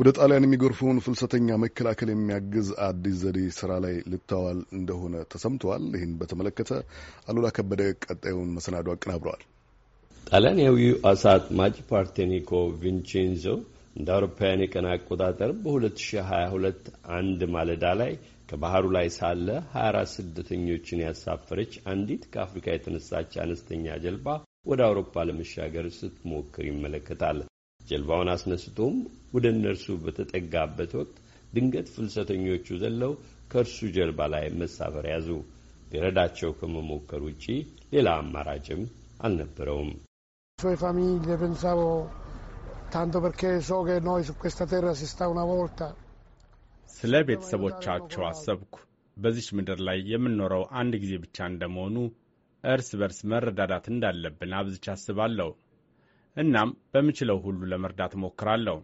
ወደ ጣሊያን የሚጎርፈውን ፍልሰተኛ መከላከል የሚያግዝ አዲስ ዘዴ ስራ ላይ ልታዋል እንደሆነ ተሰምተዋል። ይህን በተመለከተ አሉላ ከበደ ቀጣዩን መሰናዶ አቀናብረዋል። ጣሊያናዊው አሳ አጥማጅ ፓርቴኒኮ ቪንቼንዞ እንደ አውሮፓውያን የቀን አቆጣጠር በ2022 አንድ ማለዳ ላይ ከባህሩ ላይ ሳለ 24 ስደተኞችን ያሳፈረች አንዲት ከአፍሪካ የተነሳች አነስተኛ ጀልባ ወደ አውሮፓ ለመሻገር ስትሞክር ይመለከታል። ጀልባውን አስነስቶም ወደ እነርሱ በተጠጋበት ወቅት ድንገት ፍልሰተኞቹ ዘለው ከእርሱ ጀልባ ላይ መሳፈር ያዙ። ሊረዳቸው ከመሞከር ውጪ ሌላ አማራጭም አልነበረውም። ስለ ቤተሰቦቻቸው አሰብኩ። በዚች ምድር ላይ የምንኖረው አንድ ጊዜ ብቻ እንደመሆኑ እርስ በርስ መረዳዳት እንዳለብን አብዝቻ አስባለሁ። እናም በምችለው ሁሉ ለመርዳት እሞክራለሁ።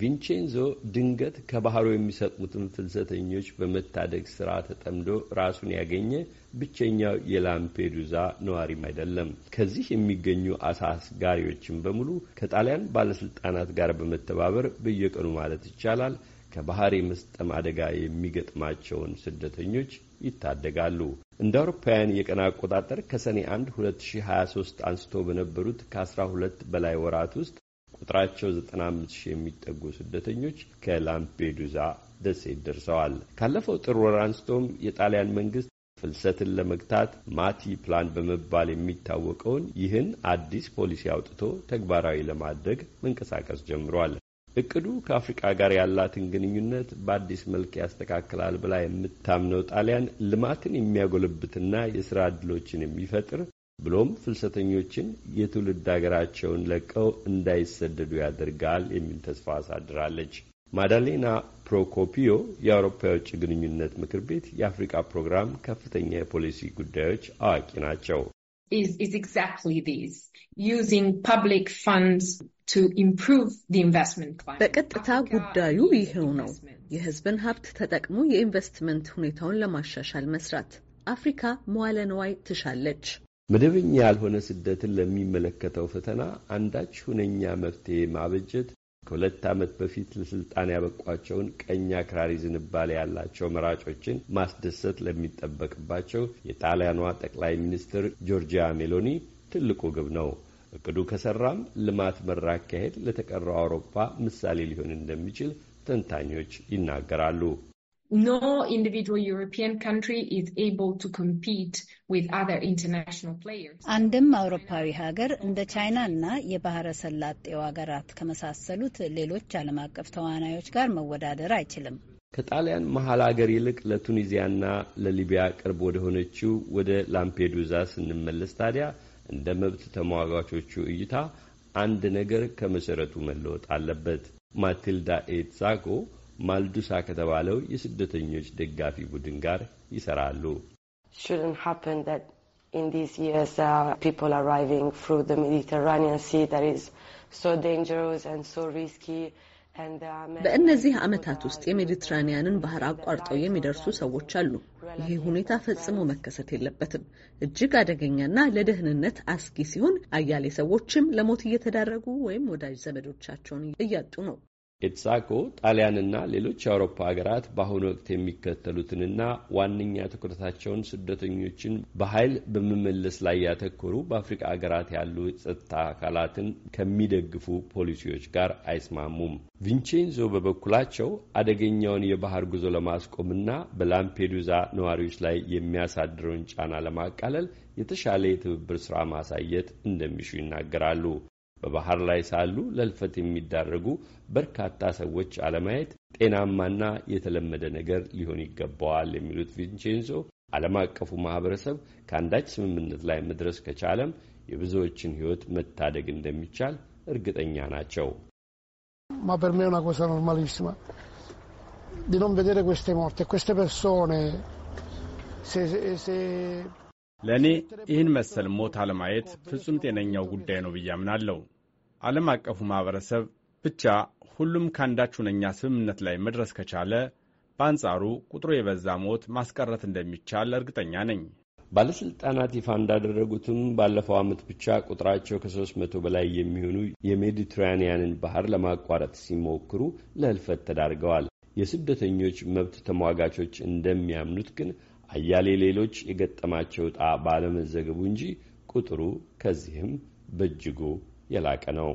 ቪንቼንዞ ድንገት ከባህሩ የሚሰጡትን ፍልሰተኞች በመታደግ ስራ ተጠምዶ ራሱን ያገኘ ብቸኛው የላምፔዱዛ ነዋሪም አይደለም። ከዚህ የሚገኙ አሳ አስጋሪዎችን በሙሉ ከጣሊያን ባለስልጣናት ጋር በመተባበር በየቀኑ ማለት ይቻላል ከባህር የመስጠም አደጋ የሚገጥማቸውን ስደተኞች ይታደጋሉ። እንደ አውሮፓውያን የቀን አቆጣጠር ከሰኔ 1 2023 አንስቶ በነበሩት ከ12 በላይ ወራት ውስጥ ቁጥራቸው 95 የሚጠጉ ስደተኞች ከላምፔዱዛ ደሴት ደርሰዋል። ካለፈው ጥር ወር አንስቶም የጣሊያን መንግስት ፍልሰትን ለመግታት ማቲ ፕላን በመባል የሚታወቀውን ይህን አዲስ ፖሊሲ አውጥቶ ተግባራዊ ለማድረግ መንቀሳቀስ ጀምሯል። እቅዱ ከአፍሪቃ ጋር ያላትን ግንኙነት በአዲስ መልክ ያስተካክላል ብላ የምታምነው ጣሊያን ልማትን የሚያጎለብትና የስራ ዕድሎችን የሚፈጥር ብሎም ፍልሰተኞችን የትውልድ አገራቸውን ለቀው እንዳይሰደዱ ያደርጋል የሚል ተስፋ አሳድራለች። ማዳሌና ፕሮኮፒዮ የአውሮፓ የውጭ ግንኙነት ምክር ቤት የአፍሪቃ ፕሮግራም ከፍተኛ የፖሊሲ ጉዳዮች አዋቂ ናቸው። በቀጥታ ጉዳዩ ይኸው ነው። የህዝብን ሀብት ተጠቅሞ የኢንቨስትመንት ሁኔታውን ለማሻሻል መስራት። አፍሪካ መዋለ ንዋይ ትሻለች። መደበኛ ያልሆነ ስደትን ለሚመለከተው ፈተና አንዳች ሁነኛ መፍትሄ ማበጀት ከሁለት ዓመት በፊት ለስልጣን ያበቋቸውን ቀኝ አክራሪ ዝንባሌ ያላቸው መራጮችን ማስደሰት ለሚጠበቅባቸው የጣሊያኗ ጠቅላይ ሚኒስትር ጆርጂያ ሜሎኒ ትልቁ ግብ ነው። እቅዱ ከሰራም ልማት መር አካሄድ ለተቀረው አውሮፓ ምሳሌ ሊሆን እንደሚችል ተንታኞች ይናገራሉ። No individual European country is able to compete with other international players. አንድም አውሮፓዊ ሀገር እንደ ቻይና እና የባህረ ሰላጤው ሀገራት ከመሳሰሉት ሌሎች ዓለም አቀፍ ተዋናዮች ጋር መወዳደር አይችልም። ከጣሊያን መሀል ሀገር ይልቅ ለቱኒዚያና ለሊቢያ ቅርብ ወደ ሆነችው ወደ ላምፔዱዛ ስንመለስ ታዲያ እንደ መብት ተሟጋቾቹ እይታ አንድ ነገር ከመሰረቱ መለወጥ አለበት። ማቲልዳ ኤትሳኮ ማልዱሳ ከተባለው የስደተኞች ደጋፊ ቡድን ጋር ይሰራሉ። በእነዚህ ዓመታት ውስጥ የሜዲትራኒያንን ባህር አቋርጠው የሚደርሱ ሰዎች አሉ። ይሄ ሁኔታ ፈጽሞ መከሰት የለበትም። እጅግ አደገኛና ለደህንነት አስጊ ሲሆን አያሌ ሰዎችም ለሞት እየተዳረጉ ወይም ወዳጅ ዘመዶቻቸውን እያጡ ነው። ኤትሳኮ ጣሊያንና ሌሎች የአውሮፓ ሀገራት በአሁኑ ወቅት የሚከተሉትንና ዋነኛ ትኩረታቸውን ስደተኞችን በኃይል በመመለስ ላይ ያተኮሩ በአፍሪካ ሀገራት ያሉ ጸጥታ አካላትን ከሚደግፉ ፖሊሲዎች ጋር አይስማሙም። ቪንቼንዞ በበኩላቸው አደገኛውን የባህር ጉዞ ለማስቆምና በላምፔዱዛ ነዋሪዎች ላይ የሚያሳድረውን ጫና ለማቃለል የተሻለ የትብብር ስራ ማሳየት እንደሚሹ ይናገራሉ። በባህር ላይ ሳሉ ለልፈት የሚዳረጉ በርካታ ሰዎች አለማየት ጤናማና የተለመደ ነገር ሊሆን ይገባዋል የሚሉት ቪንቼንዞ ዓለም አቀፉ ማህበረሰብ ከአንዳች ስምምነት ላይ መድረስ ከቻለም የብዙዎችን ሕይወት መታደግ እንደሚቻል እርግጠኛ ናቸው። ለእኔ ይህን መሰል ሞት አለማየት ፍጹም ጤነኛው ጉዳይ ነው ብዬ አምናለሁ። ዓለም አቀፉ ማኅበረሰብ ብቻ ሁሉም ከአንዳች ሁነኛ ስምምነት ላይ መድረስ ከቻለ በአንጻሩ ቁጥሩ የበዛ ሞት ማስቀረት እንደሚቻል እርግጠኛ ነኝ። ባለሥልጣናት ይፋ እንዳደረጉትም ባለፈው ዓመት ብቻ ቁጥራቸው ከሦስት መቶ በላይ የሚሆኑ የሜዲትራኒያንን ባህር ለማቋረጥ ሲሞክሩ ለህልፈት ተዳርገዋል። የስደተኞች መብት ተሟጋቾች እንደሚያምኑት ግን አያሌ ሌሎች የገጠማቸው ዕጣ ባለመዘገቡ እንጂ ቁጥሩ ከዚህም በእጅጉ የላቀ ነው።